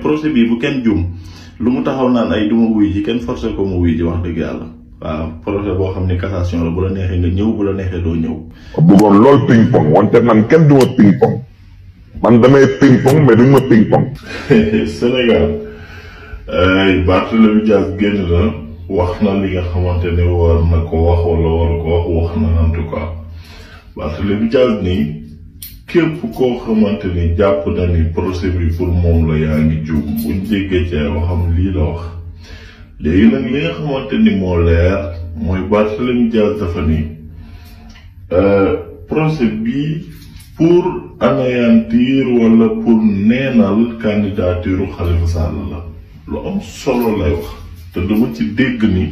projet bi bu kenn jum lu mu taxaw naan ay du ma wuy ji kenn forcé ko mu wuy ji wax dëgg yàlla waaw ah, projet boo xam ne cassation la bu la neexee nga ñëw bu la neexee doo ñëw. bëggoon lool ping pong wante man kenn du ma ping pong man damay ping pong mais duñ ma ping pong. Sénégal ay eh, Barthélemy Dias génn na wax na li nga xamante ne war na ko wax wala war ko wax wax na en tout cas Barthélemy Dias nii. képp koo xamante ni jàpp na ni procès bi pour moom la yaa ngi jóg buñ jéggee ci ay waxam lii la wax léegi nag li nga xamante ni moo leer mooy Barthélémy Dias dafa ni euh, procès bi pour anéantir wala pour neenal candidature Khalifa Sall la lu am solo lay wax te dama ci dégg ni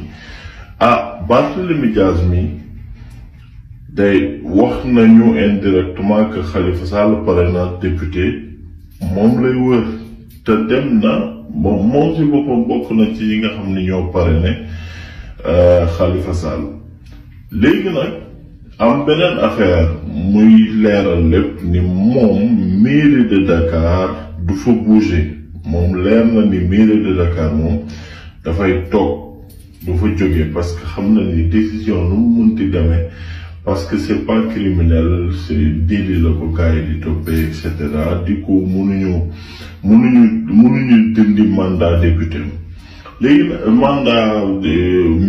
ah Barthélémy Dias mi day wax nañu indirectement que Khalifa Sall parrainage député moom lay wër te dem na ba moom ci boppam bokk na ci yi nga xam ni ñoo parrainé euh, Khalifa Sall léegi nag am beneen affaire muy leeral lépp ni moom mairie de Dakar du fa bouger moom leer na ni mairie de Dakar moom dafay toog du fa jóge parce que xam na ni décision nu mu munti demee parce que c'est pas criminel c'est délit la ko gars di toppee et cetera di ko mënuñu mënuñu mënuñu dindi mandat député léegi mandat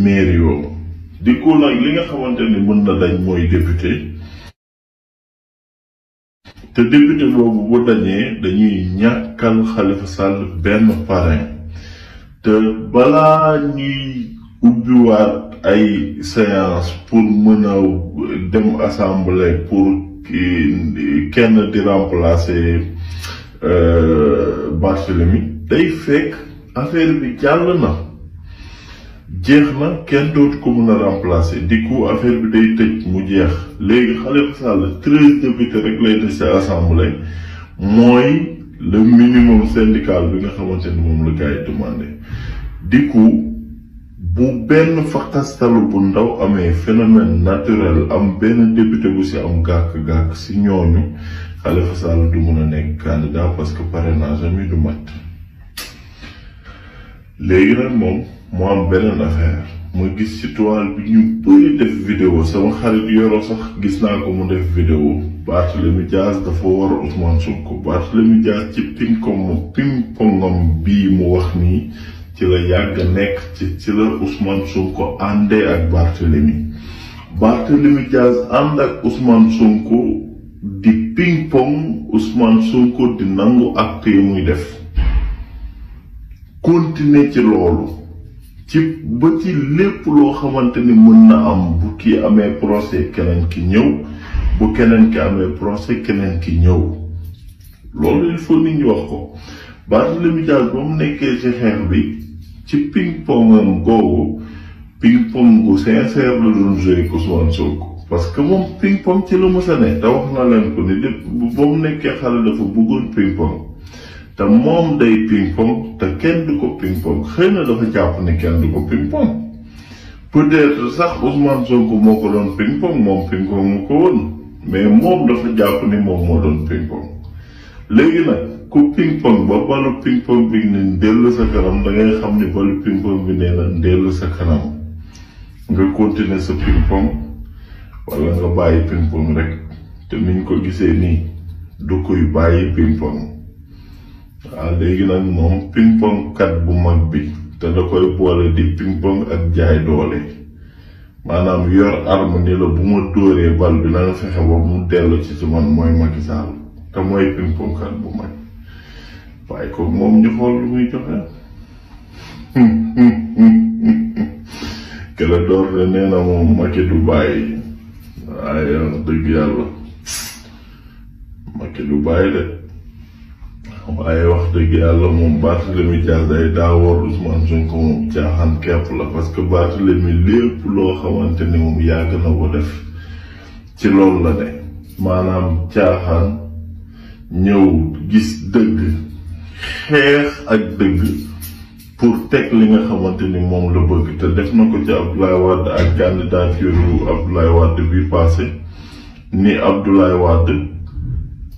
maire yoo di ko nag li nga xamante ni mën na dañ mooy député te député boobu bu dañee dañuy ñàkkal Khalifa Sall benn parrain te balaa ñuy ubbiwaat ay séance pour mën a dem assemblée pour kenn di remplacer euh, Barthélemy day fekk affaire bi jàll na jeex na kenn dootu ko mën a remplacer di ku affaire bi day tëj mu jeex léegi Khalifa Sall treize députés rek lay des ci assemblée mooy le minimum syndical bi nga xamante ni moom la gars yi demandé di bu benn fakkastalu bu ndaw amee phénomène naturel am benn député bu si am gàkk-gàkk si ñooñu Khalifa Sall du mun a nekk candidat parce que parrainage am du mat léegi nag moom mu am beneen affaire ma gis ci toile bi ñu bëri def vidéo sama xarit yoro sax gis naa ko mu def vidéo Barthélemy Dias dafa war a Ousmane Sonko Barthélemy Dias ci ping-pongam bii mu wax nii ci la yàgg nekk ci ci la Ousmane Sonko àndee ak Barthélemy Barthélemy Diaz ànd ak Ousmane Sonko di ping pong Ousmane Sonko di nangu acte yi muy def continuer ci loolu ci ba ci lépp loo xamante ni mën na am bu ki amee procès keneen ki ñëw bu keneen ki amee procès keneen ki ñëw loolu il faut wax ko Barthélemy Diaz ba mu nekkee ci xeex bi ci ping pong googu ping pong gu sincère la doon joué ko Ousmane Sonko parce que moom ping pong ci la mës a ne te na leen ko ni lépp ba mu nekkee xale dafa bëggoon ping pong te moom day ping pong te kenn du ko ping pong xëy na dafa jàpp ne kenn du ko ping pong peut-être sax Ousmane Sonko moo ko doon ping pong moom ping pong mu ko woon mais moom dafa jàpp ni moom moo doon ping pong léegi nag ku ping pong ba balu ping pong bi ne dellu sa kanam da xam ni balu ping pong bi nee na dellu sa kanam nga continuer sa ping pong wala nga bàyyi ping pong rek te niñ ko gisee nii du koy bàyyi ping pong waaw léegi nag moom ping pong kat bu mag bi te da koy boole di ping pong ak jaay doole maanaam yor arme ni la bu ma dóoree bal bi na nga fexe ba mu dellu ci ci mooy Macky te mooy pimpunkal bu mag waaye ko moom ñu xool lu muy joxe kele door de nee na moom Macky du bàyyi waaye dëgg yàlla Macky du bàyyi de waaye wax dëgg yàlla moom Barthélemy Dias ay daawoor Ousmane Sonko moom caaxaan kepp la parce que Barthélemy lépp loo xamante ni moom yàgg na ko def ci loolu la ne maanaam caaxaan ñëw gis dëgg xeex ak dëgg pour teg li nga xamante ni moom la bëgg te def na ko ci Abdoulaye Wade ak candidature bu Abdoulaye Wade bi passé ni Abdoulaye Wade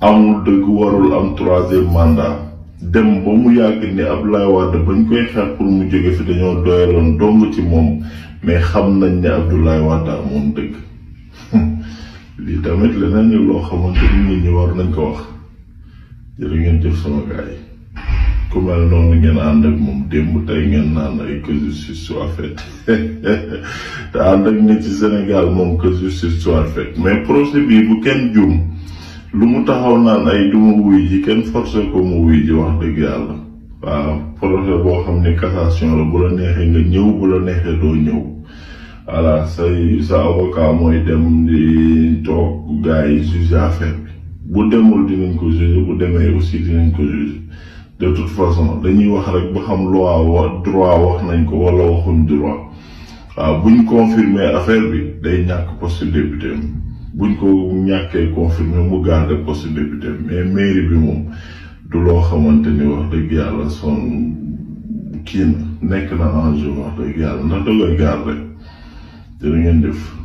amul dëgg warul am troisième mandat dem ba mu yàgg ni Abdoulaye Wade bañ koy xeex pour mu jóge fi dañoo doyaloon dong ci moom mais xam nañ ne Abdoulaye Wade amoon dëgg lii tamit leneen loo xamante ni nit ñi war nañ ko wax. jërë ngeen jëf sama gars yi ku mel noonu ngeen ànd ak moom démb tey ngeen naan ay que justice soit faite te ànd ak ne ci Sénégal moom que justice soit faite mais procès bi bu kenn juum lu mu taxaw naan ay du ma wuy ji kenn forcé ko mu wuy ji wax dëgg yàlla waaw procès boo xam ne cassation la bu la neexee nga ñëw bu la neexee doo ñëw voilà say sa avocat mooy dem toog gars yi bi bu demul dinañ ko juger bu demee aussi dinañ ko juger de toute façon dañuy wax rek ba xam loi wa droit wax nañ ko wala waxuñ droit waaw ah, buñ confirmer affaire bi day ñàkk poste député buñ ko ñàkkee confirmer mu garder poste député mais mairie bi moom du loo xamante ni wax dëgg yàlla son kii na nekk na enjeu wax dëgg yàlla ndax da koy garder ngeen def